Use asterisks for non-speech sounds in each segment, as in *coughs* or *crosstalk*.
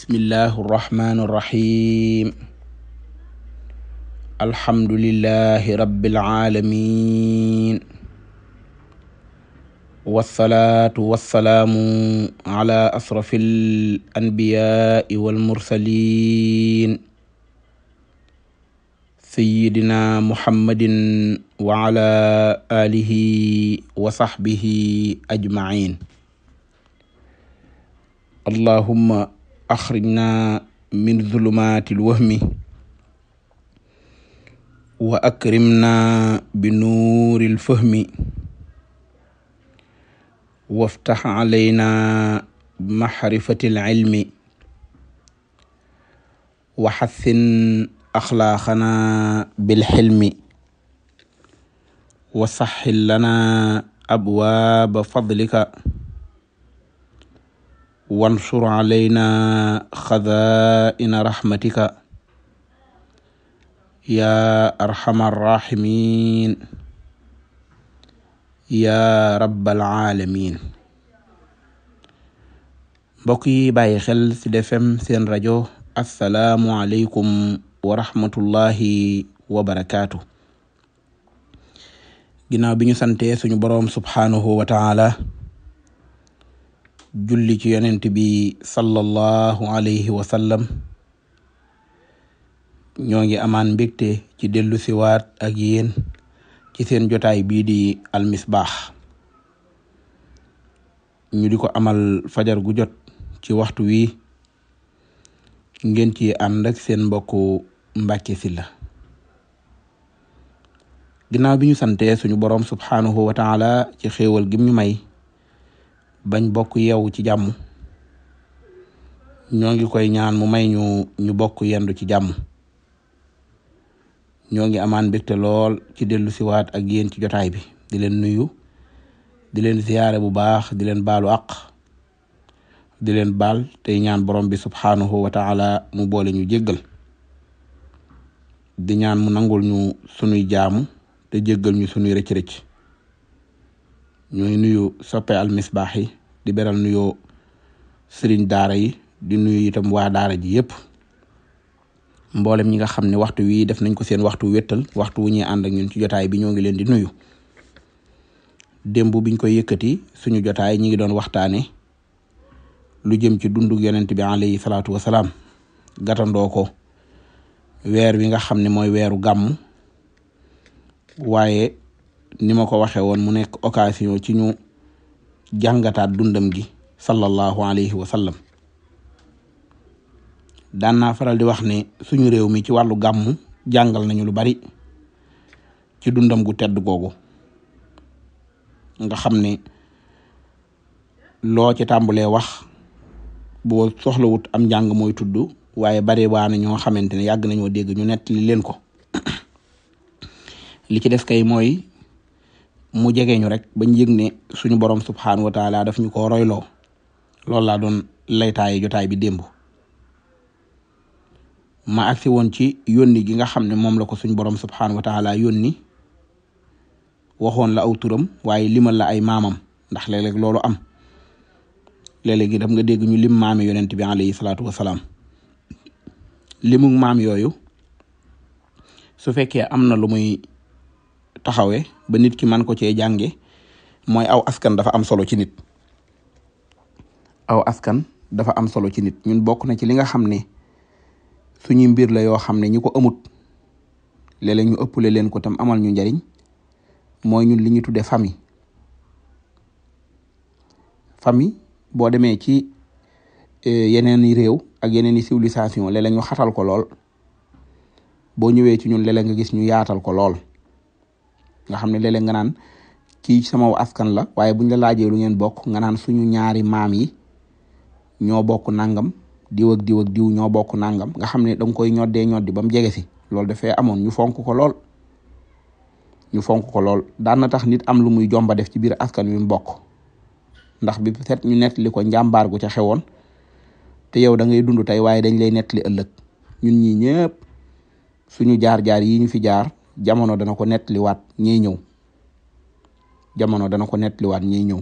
bismillah arrahman arrahim alhamdulilahi rabbil alamin wasalaatu wasalaamu ala asrafi al anbiyaai walmursalin sayidina muhammadin wa ala alihi wa sahbihi ajmain allahumma axrijna min zulumaati lwahmi wa akrimna bi nuuri lfahmi waftax calayna maxrifati alcilmi wa xassin axlaaqana bilxilmi wa saxxil lana abwaaba fadlika wansur alayna xazaa'ina raxmatika yaa arxamar raximin yaa rabbal aalamiin mbokk yi bàyyi xel ci Sud FM seen rajo assalaamu aleykum wa rahmatullahi wa ginnaaw bi ñu sante suñu boroom subhaanahu wa julli ci yonent bi sallallahu alayhi wa sallam ñoo ngi amaan mbégte ci dellu siwaat ak yéen ci seen jotaay bii di almisbaax ñu di ko amal fajar gu jot ci waxtu wi ngeen ci ànd ak seen mbokku Mbàkke Sylla ginnaaw bi ñu sante suñu borom subhaanahu wa taala ci xéewal gim ñu may bañ bokk yeewu ci jàmm ñoo ngi koy ñaan mu may ñu ñu bokk yendu ci jàmm ñoo ngi amaan mbégte lool ci dellu siwaat ak yéen ci jotaay bi di leen nuyu di leen ziyaare bu baax di leen baalu àq di leen baal tey ñaan borom bi subhaanahu wa taala mu boole ñu jéggal di ñaan mu nangul ñu sunuy jaamu te jéggal ñu sunuy rëcc-rëcc ñooy nuyu soppe almisbaax yi di beral nuyoo sëriñ daara yi di nuyu itam waa daara ji yëpp mboolem ñi nga xam ne waxtu wii def nañ ko seen waxtu wéttal waxtu wu ñuy ànd ak ñun ci jotaay bi ñoo ngi leen di nuyu démb biñ koy yëkkati suñu jotaay ñi ngi doon waxtaane lu jëm ci dundug yonent bi alayhi salaatu wasalaam gatandoo ko weer wi nga xam ne mooy weeru gàmm waaye ni ma ko waxee woon mu nekk occasion ci ñu jàngataat dundam gi sallallahu alayhi wa daan naa faral di wax ne suñu réew mi ci wàllu gàmmu jàngal nañu lu bari ci dundam gu tedd googu nga xam ne loo ci tàmbulee wax boo soxlawut am njàng mooy tudd waaye bari waa na ñoo xamante ne yàgg nañoo dégg ñu nettali leen ko *coughs* li ci def kay mooy mu jege ñu rek bañ yëg ne suñu borom subxanahu wa taala daf ñu ko royloo loolu laa doon laytaayu jotaay bi démb ma agsi woon ci yónni gi nga xam ne moom la ko suñu borom subxanahu wa taala yónni waxoon la aw turam waaye limal la ay maamam ndax léeg loolu am léeg-léegi daf nga dégg ñu lim maami yonent bi alayhi salaatu wa salaam limu maam yooyu su fekkee am na lu taxawee ba nit ki man ko cee jànge mooy aw askan dafa am solo ci nit aw askan dafa am solo ci nit ñun bokk na ci li nga xam ne suñuy mbir la yoo xam ne ñi ko amut léeg ñu ëppale leen ko tam amal ñu njariñ mooy ñun li ñu tuddee famille famille boo demee ci eh, yeneen i réew ak yeneen i civilisation léeg ñu xatal ko lool boo ñëwee ci ñun léeg nga gis ñu yaatal ko lool nga xam ne léeg nga naan kii sama askan la waaye buñ la laajee lu ngeen bokk nga naan suñu ñaari maam yi ñoo bokk nangam diw ak diw diw ñoo bokk nangam nga xam ne danga koy ñoddee ñoddi ba mu jege si loolu dafay amoon ñu fonk ko lool ñu fonk ko lool daan na tax nit am lu muy jomba def ci biir askan wi mu bokk ndax bi set être ñu nettali ko njàmbaar gu ca xewoon te yow da ngay dund tey waaye dañ lay nettali ëllëg ñun ñii ñëpp suñu jaar-jaar yi ñu fi jaar jamono dana ko nettaliwaat ñiy ñëw jamono dana ko nettaliwaat ñiy ñëw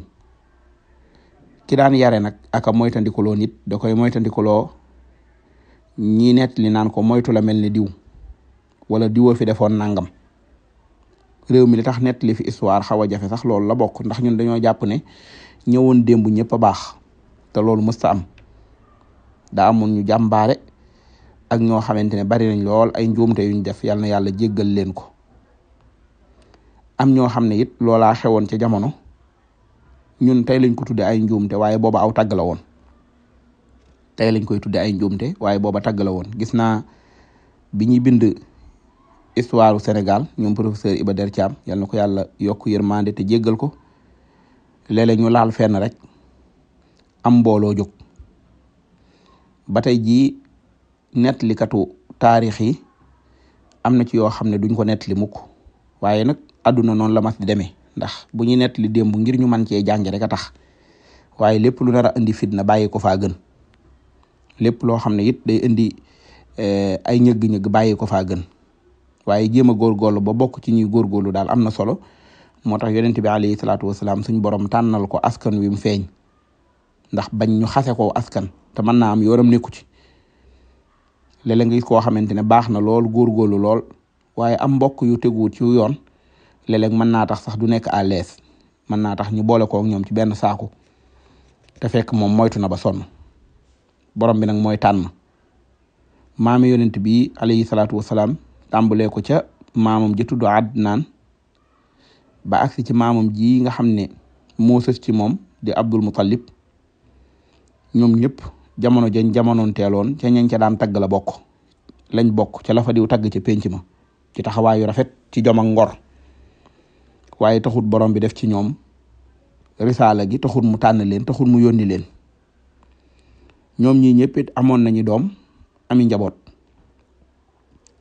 ki daan yare nag aka moytandikuloo nit da koy moytandikuloo ñi nettali naan ko moytu la mel ni diw wala diwoo fi defoon nangam réew mi li tax nettali fi histoire xaw a jafe sax loolu la bokk ndax ñun dañoo jàpp ne ñëwoon démb ñëpp a baax te loolu mësta am daa amoon ñu jàmbaare ak ñoo xamante ne bari nañ lool ay njuumte yuñ def yal na yàlla jéggal leen ko am ñoo xam ne it loolaa xewoon ca jamono ñun tey lañ ko tudde ay njuumte waaye booba aw tàgg woon tey lañ koy tudde ay njuumte waaye booba tàgg woon gis naa bi ñuy bind histoire u Sénégal ñoom professeur Iba Der Thiam yal na ko yàlla yokk yërmande te jéggal ko léeg-léeg laal fenn rek am mbooloo jóg ba tey nettalikatu taarix yi am na ci yoo xam ne duñ ko nettali mukk waaye nag adduna noonu la mas demee ndax bu ñuy nettali démb ngir ñu man cee jànge rek a tax waaye lépp lu nar a indi fitna bàyyi ko faa gën lépp loo xam ne it day indi eh, ay ñëgg-ñëgg bàyyi ko faa gën waaye jéem a góorgóorlu ba bokk ci ñuy góorgóorlu daal am na solo moo tax yonent bi alayhi salaatu wasalaam suñ borom nal ko askan wi mu feeñ ndax bañ ñu xase ko askan te mën naa am yoonam nekku ci léeg-léeg nga koo xamante ne baax na lool góorgóorlu lool waaye am mbokk yu teguwut ci yoon léeg-léeg mën naa tax sax du nekk à l'aise mën naa tax ñu boole koog ñoom ci benn saaku te fekk moom moytu na ba sonn borom bi nag mooy tànn maami yonent bi alayhi salaatu wasalaam tàmbalee ko ca maamam ji tudd Adnaan ba agsi ci maamam ji nga xam ne moo ci moom di Abdul Muttalib ñoom ñëpp jamono jañ jamonoon teeloon ca ñañ ca daan tagg la bokk lañ bokk ca la fa tagg ca pénc ma ci taxawaayu rafet ci jom ak ngor waaye taxut borom bi def ci ñoom risaala gi taxut mu tànn leen taxut mu yónni leen ñoom ñii ñëpp it amoon nañu doom ami njaboot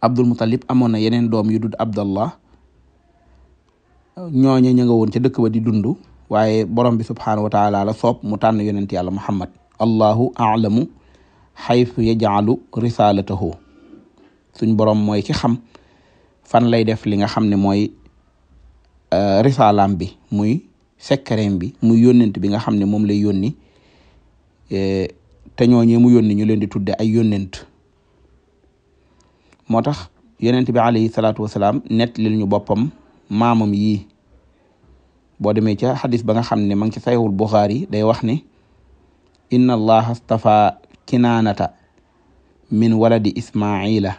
Abdul Muttalib amoon na yeneen doom yu dud Abdallah ñooña ña nga woon ca dëkk ba di dund waaye borom bi subxanahu wa taala la soob mu tànn yonent yàlla Muhammad allahu alamu xaytu yajaalu risalatahu suñ boroom mooy ki xam fan lay def li nga xam ne mooy euh, risalaam bi muy sekkareem bi muy yónnent bi nga xam ne moom lay yónni euh, te ñooñee mu yónni ñu leen di tudde ay yónnent moo tax yonent bi alayhi salaatu wasalaam net lil ñu boppam maamam yi boo demee ca xadis ba nga xam ne ma ngi ci sayxul Buxaari day wax ne inna allaha stafa kinaanata min waladi ismaila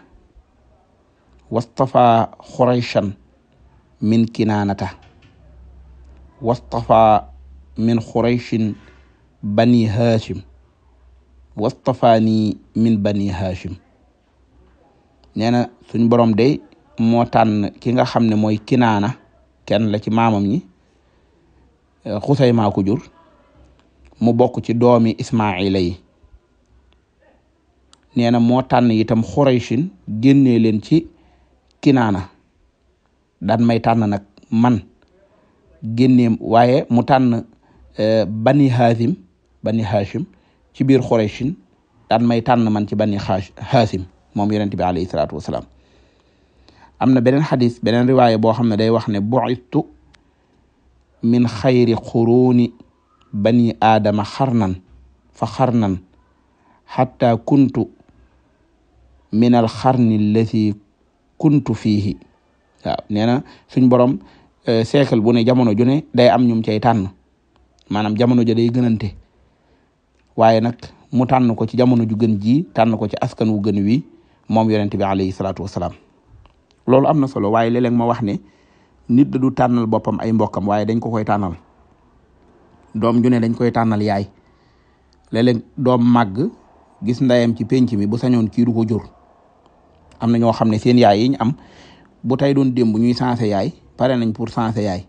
wastafa xurayshan min kinaanata wastafa min xurayshin bani haashim wastafaani min bani haashim nee na suñ borom day moo tànn ki nga xam ne mooy kinaana kenn la ci maamam ñi xusaymaa mu bokk ci doomi ismaila yi nee na moo tànn itam xurayshin génnee leen ci kinaana daan may tànn nag man génnee waaye mu tànn eh, bani haasim bani haashim ci biir xurayshin daan may tànn man ci bani haasim moom yonent bi alayhi salaatu wasalaam am na beneen xadis beneen riwaaya boo xam ne day wax ne bu'istu min xayri quruuni bani aadama xarnan fa xarnan xatta kuntu min al xarni allati kuntu fiihi waaw nee na suñ borom eh, siècle bu ne jamono ju ne day am ñum cay tànn maanaam jamono ja day gënante waaye nag mu tànn ko ci jamono ju gën ji tànn ko ci askan wu gën wi moom yonent bi alayhi salaatu wasalaam loolu am na solo waaye léeg-léeg ma wax ne nit da du tànnal boppam ay mbokkam waaye dañ ko koy tànnal doom ju ne dañ koy tànnal yaay léeg doom màgg gis ndayam ci penc mi bu sañoon kii du ko jur am na ñoo xam ne seen yaay yi ñu am bu tey doon démb ñuy sensé yaay pare nañ pour sensé yaay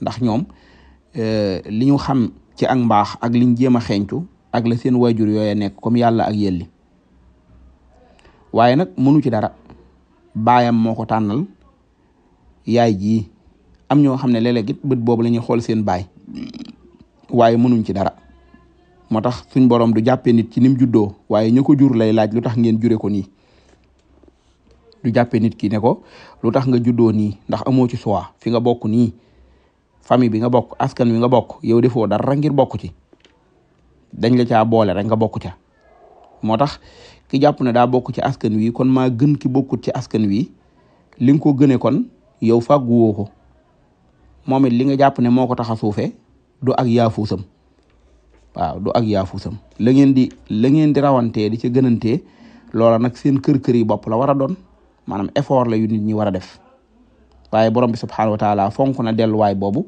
ndax ñoom euh, li ñu xam ci ak mbaax ak liñ jéem a xeeñcu ak la seen way jur yooya nekk comme yàlla ak yelli waaye nag mënu ci dara baayam moo ko tànnal yaay ji am ñoo xam ne léeg bët boobu la xool seen baay waaye mënuñ ci dara moo tax suñ borom du jàppee nit ci ni mu juddoo waaye ñu ko jur lay laaj lu tax ngeen jure ko nii du jàppee nit ki ne ko lu tax nga juddoo nii ndax amoo ci choix fi nga bokk nii famille bi nga bokk askan wi nga bokk yow defoo dara ngir bokk ci dañ la caa boole rek nga bokk ca moo tax ki jàpp ne daa bokk ci askan wi kon maa gën ki bokkut ci askan wi li nga ko gëne kon yow fàgguwoo ko moom it li nga jàpp ne moo ko tax a suufee du ak yaafuusam waaw du ak yaafuusam la ngeen di la ngeen di rawantee di ca gënantee loola nag seen kër-kër yi bopp la war a doon maanaam effort la yu nit ñi war a def waaye borom bi subhaanahu wa taala fonk na delluwaay boobu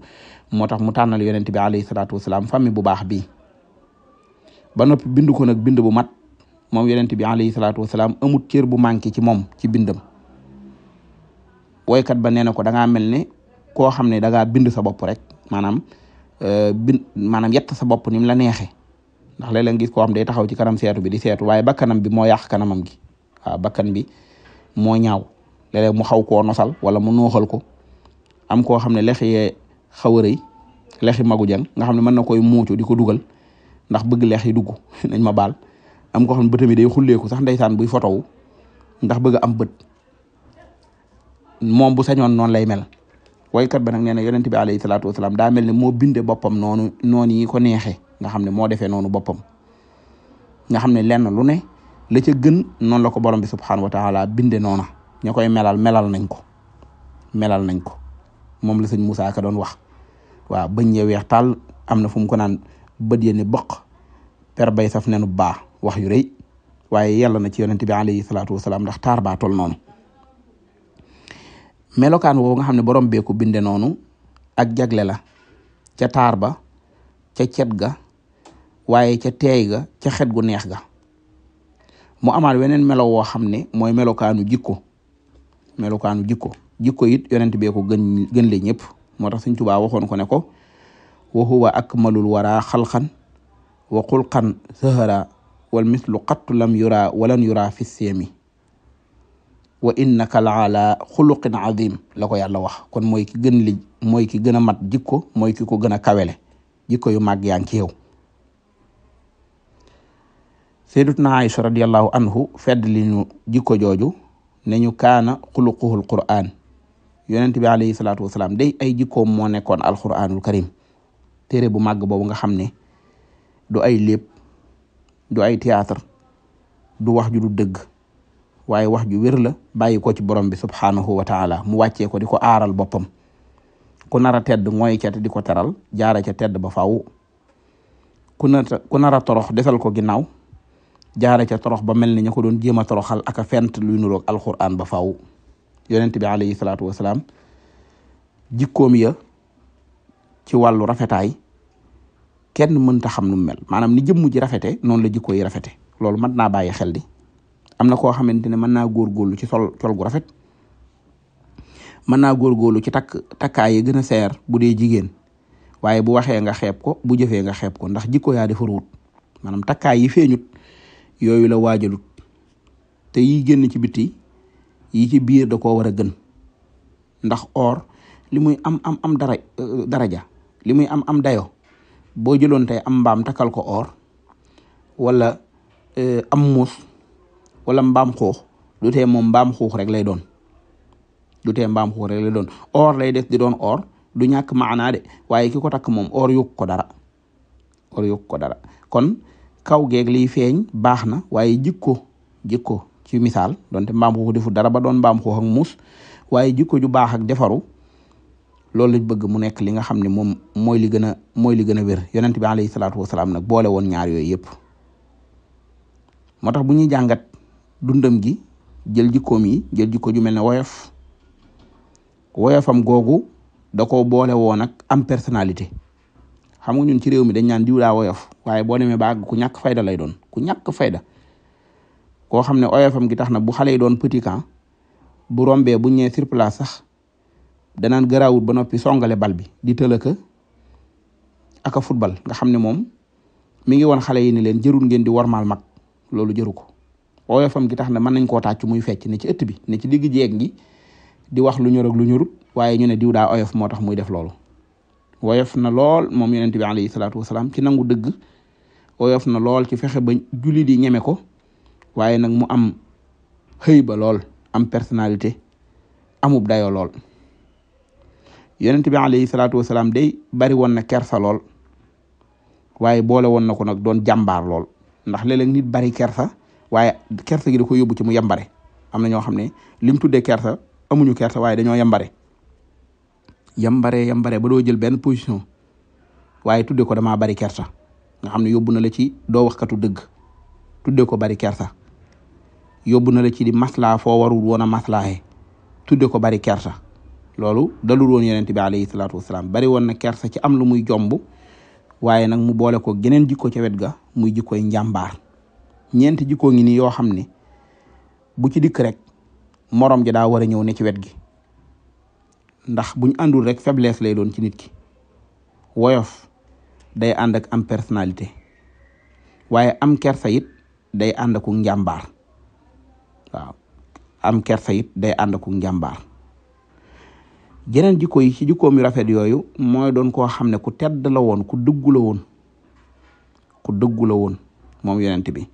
moo tax mu tànnal yonent bi alayhi salaatu wasalaam famille bu baax bii ba noppi bind ko nag bind bu mat moom yonent bi alayhi salaatu wasalaam amut cër bu manqué ci moom ci bindam woykat ba nee na ko dangaa mel ne koo xam ne dangaa bind sa bopp rek maanaam Euh, bin maanaam yett sa bopp ni la neexee ndax léeg-léeg gis koo xam day taxaw ci kanam seetu bi di seetu waaye bakkanam bi moo yàq kanamam gi waaw bakkan bi moo ñaaw léeg mu xaw ko nosal wala mu nooxal ko am koo xam ne lex yee xaw a magu jën nga xam ne mën na koy muucu di ko dugal ndax bëgg lex yi dugg *laughs* nañ ma baal am koo xam ne bëtam day xulleeku sax ndeysaan buy fotowu ndax bëgg am bët moom bu sañoon noonu lay mel waykat ba nag neen a yonent bi alayhi salaatu wasalaam daa mel ne moo binde boppam noonu noonu yi ko neexee nga xam ne moo defee noonu boppam nga xam ne lenn lu ne la ca gën noonu la ko borom bi subxanahu wa taala binde noona ña koy melal melal nañ ko melal nañ ko moom la sëñ Moussa Ka doon wax waaw bëñ ya weex tàll am na fu mu ko naan bët ya ne boq per bay saf nenu baa wax yu rëy waaye yàlla na ci yonent bi alayhi salaatu wasalaam ndax taar baa tol noonu. melokaan woowu nga xam ne borom bee ko noonu ak jagle la ca taar ba ca cet ga waaye ca teey ga ca xet gu neex ga mu amaat weneen melo woo xam ne mooy melokaanu jikko melokaanu jikko jikko it yonent bee ko gën gën le ñëpp moo tax Sëñ Tuubaa waxoon ko ne ko wa huwa akmalul wara xalqan wa xulqan sahara wal mislu qattu lam yura walan yura fi seemi wa innaka la ala xuluqin azim la ko yàlla wax kon mooy ki gën li mooy ki gën a mat jikko mooy ki ko gën a kawele jikko yu màgg yaa ngi ci yow sayyidatuna Aïcha radiyallahu anhu fedd li ñu jikko jooju ne ñu kaana xuluquhul qur'an yonent bi alayhi salaatu wasalaam day ay jikkoom moo nekkoon alquranul karim téere bu màgg boobu nga xam ne du ay lépp du ay théâtre du wax ju du dëgg waaye wax ju wér la bàyyi ko ci borom bi subhaanahu wa taala mu wàccee ko di ko aaral boppam ku nara tedd mooy ca di ko teral jaara ca tedd ba faaw ku nar ku nar a torox desal ko ginnaaw jaara ca torox ba mel ni ña ko doon jéem toroxal ak a fent luy nuroog alquran ba faaw yonent bi alayhi salaatu wasalaam jikkoom ya ci wàllu rafetaay kenn mënta xam nu mu mel maanaam ni jëmm ji rafete noonu la jikko yi rafete loolu mat naa bàyyi xel di am na koo xamante ne mën naa góorgóorlu ci sol col gu rafet mën naa góorgóorlu ci takk takkaay yi gën a seer bu dee jigéen waaye bu waxee nga xeeb ko bu jëfee nga xeeb ko ndax jikko yaa defaruwut maanaam takkaay yi feeñut yooyu la waajalut te yi génn ci biti yi ci biir da koo war a gën ndax or li muy am am am dara euh, daraja li muy am am dayo boo jëloon tey am mbaam takkal ko or walla euh, am muus wala mbaam xuux du te moom mbaam xuux rek lay doon du tee mbaam xuux rek doon or lay des di doon or du ñàkk maanaa de waaye ki ko takk moom or yokk ko dara or yokk ko dara kon kaw geeg liy feeñ baax na waaye jikko jikko ci misaal donte mbaam xuux defu dara ba doon mbaam xuux ak muus waaye jikko ju baax ak defaru loolu lañ bëgg mu nekk li nga xam ne moom mooy li gën a mooy li gën a wér yonent bi alayhi salaatu wasalaam nag boole woon ñaar yooyu yëpp tax bu ñuy jàngat dundam gi jël jikkoom yi jël jikko ju mel ne woyof woyofam googu da ko boole woon ak am personnalité xam nga ñun ci réew mi dañ naan diw woyof waaye boo demee ba àgg ku ñàkk fayda lay doon ku ñàkk fayda koo xam ne oyofam gi tax na bu xale yi doon petit bu rombee bu ñëwee sur place sax danaan garaawut ba noppi songale bal bi di tëlëka aka football nga xam ne moom mi ngi woon xale yi ni leen jërul ngeen di wormaal mag loolu jëru ko oyofam gi tax na mën nañ koo tàcc muy fecc ne ci ëtt bi ne ci digg jeeg gi di wax lu ñor lu ñorut waaye ñu ne diw daa oyof moo tax muy def loolu woyof na lool moom yonent bi alayhi salaatu salaam ci nangu dëgg woyof na lool ci fexe ba julli di ñeme ko waaye nag mu am xëy ba lool am personnalité amub dayoo lool yonent bi alayhi salaatu wasalaam day bari woon na kersa lool waaye boole woon na ko nag doon jàmbaar lool ndax léeg-léeg bari kersa waaye kersa gi da ko yóbbu ci mu yambare am na ñoo xam ne lim tuddee kersa amuñu kersa waaye dañoo yambare yambare yambare ba doo jël benn position waaye tudde ko damaa bari kersa nga xam ne yóbbu na la ci doo waxkatu dëgg tuddee ko bari kersa yóbbu na la ci di maslaa foo warul woon a maslaaye tuddee ko bari kersa loolu dalul woon yonent bi alayhi salaatu wasalaam bari woon na kersa ci am lu muy jomb waaye nag mu boole ko geneen jikko ca wet ga muy jikkoy njàmbaar ñeenti jikkoo ngi ni yoo xam ne bu ci dikk rek morom ji daa war a ñëw ne ci wet gi ndax buñ àndul rek faiblesse lay doon ci nit ki woyof day ànd am personalité waaye am kersa day ànd ak njàmbaar am kersa day ànd ak jeneen jikko yi ci jikkoom yu rafet yooyu mooy doon koo xam ne ku tedd woon ku dëggu la woon ku dëggu la woon moom yonent bi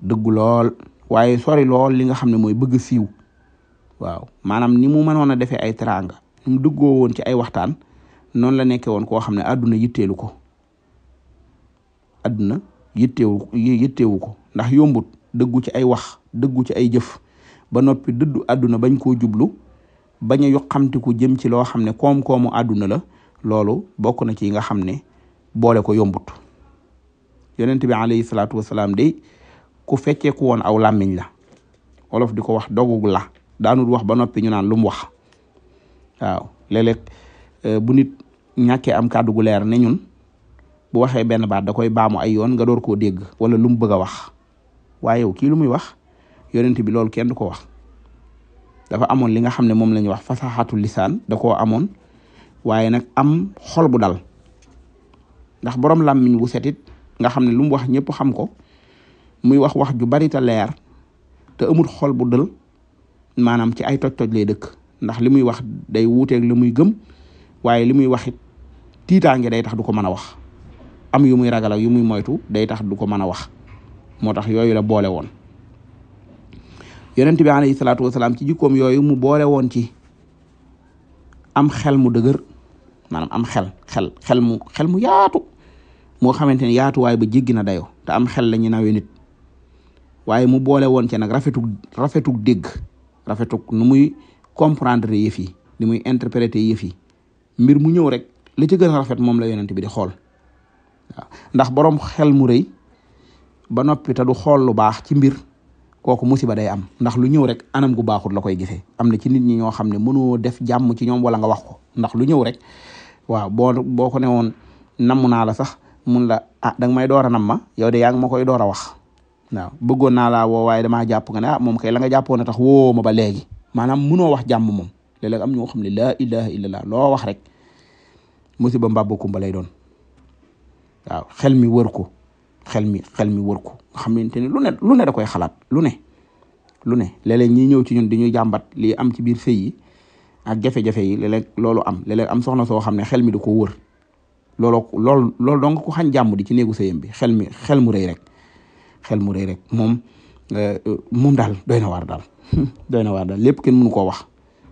dëggu lool waaye sori lool li nga xam ne mooy bëgg siiw waaw maanaam ni mu mënoon a defee ay teraanga ni mu dëggoo woon ci ay waxtaan noonu la nekkee woon koo xam ne àdduna yitteelu ko àdduna yitteewu yitteewu ko ndax yombut dëggu ci ay wax dëggu ci ay jëf ba noppi dëddu àdduna bañ koo jublu bañ a yoqamtiku jëm ci loo xam ne koom-koomu àdduna la loolu bokk na ci yi nga xam ne boole ko yombut yonent bi alayhi salaatu wasalaam day ku fecceeku woon aw làmmiñ la olof di ko wax dogug la daanul wax ba noppi ñu naan lu mu wax waaw léeg-léeg euh, bu nit ñàkkee am kàddu gu leer ne ñun bu waxee benn baat da koy baamu ay yoon nga door koo dégg wala lu mu bëgg a wax waaye yow kii lu muy wax yonent bi loolu kenn du ko wax dafa amoon li nga xam ne moom la wax fasaxatu lisaan da koo amoon waaye nag am xol bu dal ndax borom làmmiñ wu setit nga xam ne lu mu wax ñëpp xam ko muy wax wax ju bari te leer te amul xol bu dël maanaam ci ay toj-toj lay dëkk ndax li muy wax day wuuteeg lu muy gëm waaye li muy wax it tiitaange day tax du ko mën a wax am yu muy ragal ak yu muy moytu day tax du ko mën a wax moo tax yooyu la boole woon yonent bi alayhi salaatu salaam ci jikkoom yooyu mu boole woon ci am xel mu dëgër maanaam am xel xel xel mu xel mu yaatu moo xamante ne yaatuwaay ba jéggi na dayo te am xel la ñu nawee waaye mu boole woon ce nag rafetuk rafetuk dégg rafetuk nu muy comprendre yëf yi ni muy interpréter yëf yi mbir mu ñëw rek li ci gën a rafet moom la yonent bi di xool ndax boroom xel mu rëy ba noppi te du xool lu baax ci mbir kooku musiba day am ndax lu ñëw rek anam gu baaxut la koy gisee am na ci nit ñi ñoo xam ne mënoo def jàmm ci ñoom wala nga wax ko ndax lu ñëw rek waaw boo boo ko ne woon namm naa la sax mun la ah danga may door a nam ma yow de yaa ngi ma koy door a wax waaw bëggoon naa laa woo waaye damaa jàpp nga na ah, moom kay la nga jàppoon a tax woo ma ba léegi maanaam munoo wax jàmm moom léeg am ñoo xam ne laa ilaha illallah loo wax rek musiba mbaa kumba lay doon waaw xel mi wër ko xel mi xel mi wër ko xamante ni lu ne lu ne da koy xalaat lu ne lu ne léeg-léeg ñi ñëw ci ñun dañuy jàmbat lii am ci biir sëy yi ak jafe-jafe yi léeg loolu am léeg am soxna soo xam ne xel mi da ko wër looloo lool loolu dong ko xañ jàmm di ci néegu sëyam bi xel mi xel mu rëy rek xel mu rëy rek moom euh, moom daal doy na waar daal *laughs* doy na waar daal lépp kenn mënu koo wax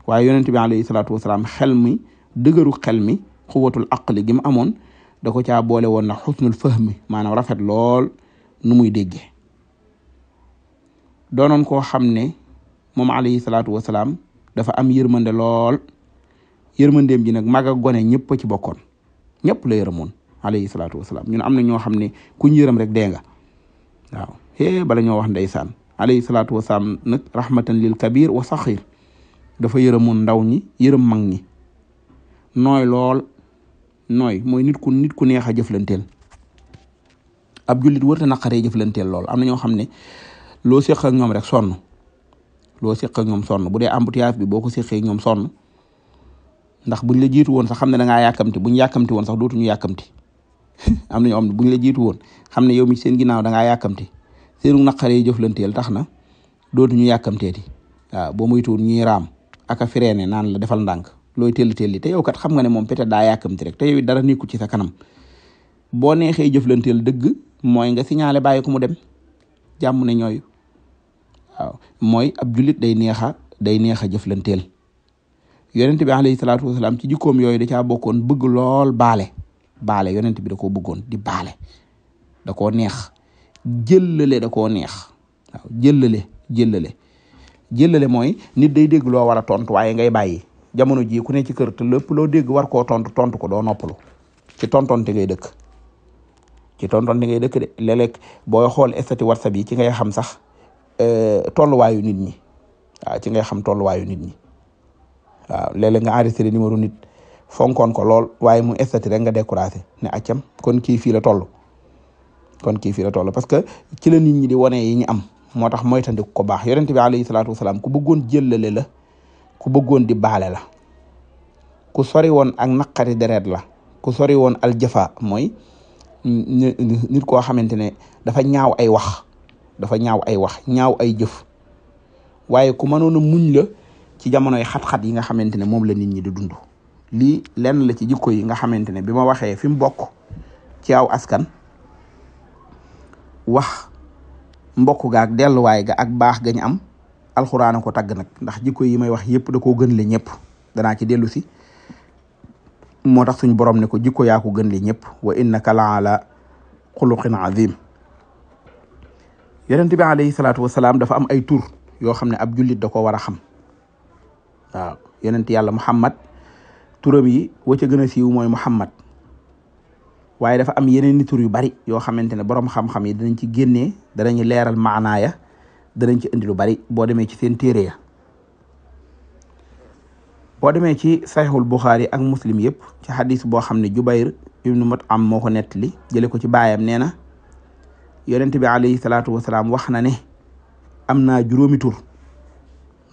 waaye yonent bi alayhi salaatu wasalaam xel mi dëgëru xel mi xuwatul aqli gi mu amoon da ko caa boole woon na xusnul fahmi maanaam rafet lool nu muy déggee doonoon koo xam ne moom alayhi salaatu wasalaam dafa am yërmande lool yërmandeem ji nag mag ak gone ñëpp ci bokkoon ñëpp la yërëmoon alayhi salaatu wasalaam ñun am na ñoo xam ne ku ñu rek dee nga waaw xée bala ñoo wax ndeysaan alayhi salaatu wasalaam nag rahmatan lil kabir wa saxir dafa yërëmoon ndaw ñi yërëm mag ñi nooy lool nooy mooy nit ku nit ku neex a jëflanteel ab jullit wërta naqaree jëflanteel lool am na ñoo xam ne loo séq ak ñoom rek sonn loo séq ak ñoom sonn bu dee embouteillage bi boo ko séqee ñoom sonn ndax buñ la jiitu woon sax xam ne da ngaa yàkkamti buñ yàkkamti woon sax dootuñu yàkkamti *laughs* am na ñoo xam ne bu ñu la jiitu woon xam ne yow mi seen ginnaaw da ngaa yàkkamti seenu naqaree jëflanteel tax na dootuñu yàkkamteeti waaw boo moytuwul ñuy raam ak a naan la defal ndànk looy telli telli te yow kat xam nga ne moom peut-être daa yàkkamti rek te yow dara nekku ci sa kanam boo neexee jëflanteel dëgg mooy nga si ñaale bàyyi ko mu dem jàmm ne ñooyu mooy ab jullit day neexa a day neex a jëflanteel yonent bi alayhi salaatu ci jikkoom yooyu da caa bokkoon bëgg lool baale baale yonent bi da koo bëggoon di baale da koo neex jëllale da koo neex waaw jëllale jëllale jëllale mooy nit day dégg loo war tontu waaye ngay bàyyi jamono jii ku ne ci kër te lépp loo dégg war koo tontu tontu ko doo noppalu ci tontonte ngay dëkk ci tontonte ngay dëkk de léeg-léeg booy xool estati whatsapp yi ci ngay xam sax euh, tolluwaayu nit ñi waaw ci ngay xam tolluwaayu nit ñi waaw nga enregistré numéro nit. fonkoon ko lool waaye mu estati rek nga découragé ne accam kon kii fii la toll kon kii fii la toll parce que ci la nit ñi di wane yi ñu am moo tax moytandiku ko baax yonent bi alayhi salaatu wasalaam ku bëggoon jëllale la ku bëggoon di baale la ku sori woon ak naqari deret la ku sori woon aljafa mooy nit koo xamante ne dafa ñaaw ay wax dafa ñaaw ay wax ñaaw ay jëf waaye ku mënoon a muñ la ci jamonoy xat-xat yi nga xamante ne moom la nit ñi di dund lii lenn la ci jikko yi nga xamante ne bi ma waxee fi mu bokk ci aw askan wax mbokk ga ak delluwaay ga ak baax gañ am alxuraan ko tagg nag ndax jikko yi may wax yëpp da koo gën le ñëpp danaa ci delusi moo tax suñ borom ne ko jikko yaako ko gën le ñëpp wa innaka la ala xuluqin azim yonent bi alayhi salaatu am ay tur yoo xam ne ab jullit da ko war a xam waaw yonent yàlla muhammad turam yi wa ca gën a siiw mooy Muhammad waaye dafa am yeneen i tur yu bari yoo xamante ne borom xam-xam yi danañ ci génnee danañ leeral maanaaya danañ ci indi lu bari boo demee ci seen téere ya boo demee ci saxiixul Buxaari ak muslim yëpp ci xadis boo xam ne Jubayr ibnu Mut'am moo ko nettali jële ko ci baayam nee na yonent bi alayhi salaatu wasalaam wax na ne am naa juróomitur tur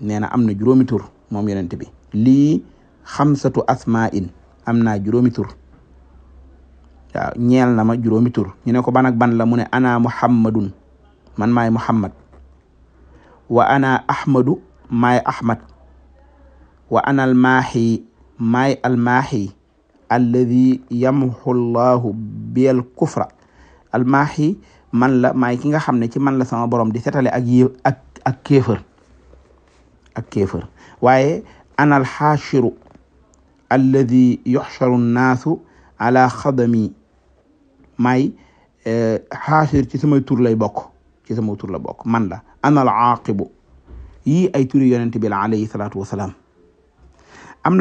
na am na juróomi moom yonent bi lii xamsatu asmaa in am naa juróomi tur na ma juróomi ñu ne ko ban ak ban la mu ne ana muhammadun man may muhammad wa ana ahmadu may ahmad wa ana almaaxi maay almaaxi alladi yamxu llahu bil kufra almaaxi man la maay ki nga xam ne ci man la sama borom di setale ak yé ak ak kéefër ana alxaashiru alladi yuxcharu nnaasu ala xadami maay xaasir eh, ci samay tur lay bokk ci sama tur la bokk man la ana al ay turi yonent bi la na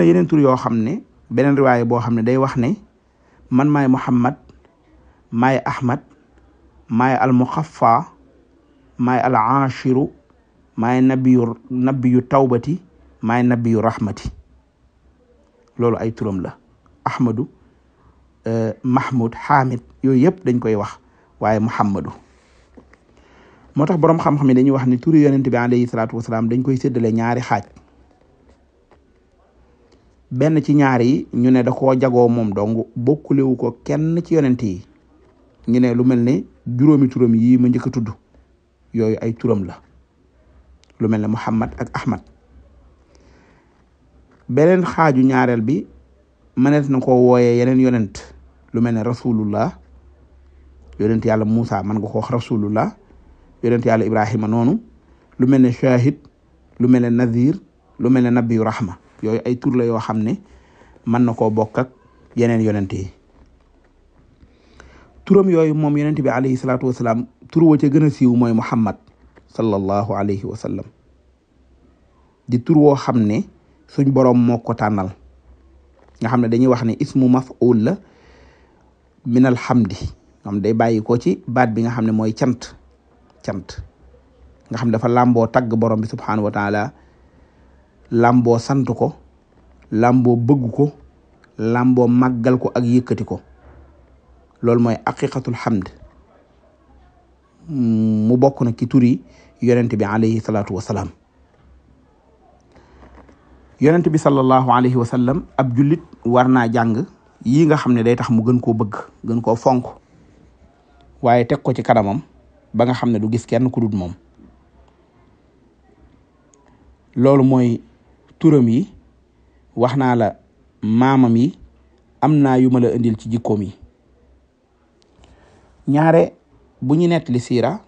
yeneen tur yoo xam ne beneen riwaaya boo xam ne day wax ne man maay Muhammad maay Ahmad maay al muxaffa maay al aachiru maay nabiyu nabiyu tawbati maay nabiyu rahmati loolu ay turam la ahmadu eh, mahmud hamid yooyu yëpp dañ koy wax waaye muhammadu moo tax boroom xam-xam yi dañuy wax ni turi yonent bi alayhi salaatu wasalaam dañ koy séddale ñaari xaaj benn ci ñaari yi ñu ne da koo jagoo moom dong bokkulewu ko kenn ci yonent yi ñu ne lu mel ne juróomi turam yii ma njëkk a tudd yooyu ay turam la lu mel ne muhammad ak ahmad beneen xaaju ñaareel bi mënees na koo wooyee yeneen yonent lu mel ne rasulullah yonent yàlla Moussa man nga ko wax rasulullah yonent yàlla Ibrahima noonu lu mel ne shahid lu mel ne nazir lu mel ne nabiyu rahma yooyu ay tur la yoo xam ne mën na koo bokk yeneen yonent yi turam yooyu moom yonent bi alayhi salaatu wa salaam tur wa ca gën a siiw mooy Muhammad sallallahu alayhi wa sallam di tur woo xam ne. suñ boroom moo ko tànnal nga xam ne dañuy wax ne ismu maf'ul la min alhamdi nga xam day bàyyi ci baat bi nga xam ne mooy cant cant nga xam dafa làmboo tagg borom bi subhanahu wa taala sant ko làmboo bëgg ko làmboo màggal ko ak yëkkati ko loolu mooy aqiqatul hamd mu bokk na ci turi yonent bi alayhi salaatu wasalaam yonent bi sallallahu alayhi wa sallam ab jullit war naa jàng yii nga xam ne day tax mu gën koo bëgg gën koo fonk waaye teg ko ci kanamam ba nga xam ne du gis kenn ku dul moom loolu mooy turam yi wax naa la maamam yi am naa yu ma la indil ci jikkoom yi ñaare bu ñu nettali siira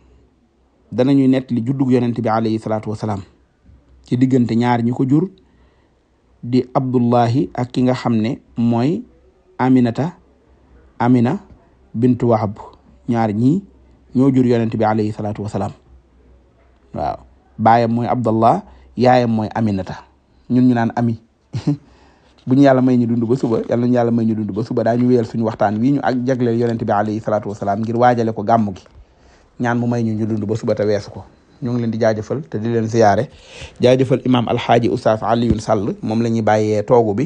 danañu nettali juddug yonent bi alayhi salaatu wasalaam ci diggante ñaar ñi ko jur di abdullahi ak ki nga xam ne mooy aminata amina bintu wahab ñaar ñii ñoo jur yonent bi alayhi salaatu wasalaam waaw baayam mooy abdallah yaayam mooy aminata ñun ñu naan ami *laughs* bu ñu yàlla may ñu dund ba suba yàlla ñu yàlla may ñu dund ba suba daa ñu wéyal suñu waxtaan wi ñu ak jagleel yonent bi alayhi salaatu wasalaam ngir waajale ko gàmmu gi ñaan mu may ñu ñu dund ba suba te weesu ko ñu ngi leen di jaajëfal te di leen ziyaare jaajëfal imaam alxaaji oustaz moom la ñuy bàyyee toogu bi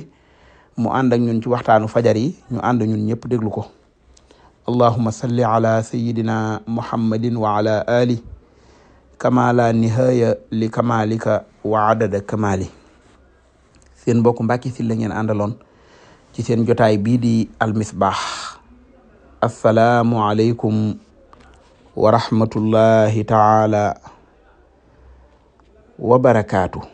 mu ànd ak ñun ci waxtaanu fajar yi ñu ànd ñun ñëpp déglu ko allahuma salli ala sayidina muhammadin wa ala ali kama la nihaya li kamalika wa adada kamali seen mbokku Mbàkke Sylla ngeen àndaloon ci seen jotaay bii di almisbaax assalaamu aleykum wa taala wa barakaatu.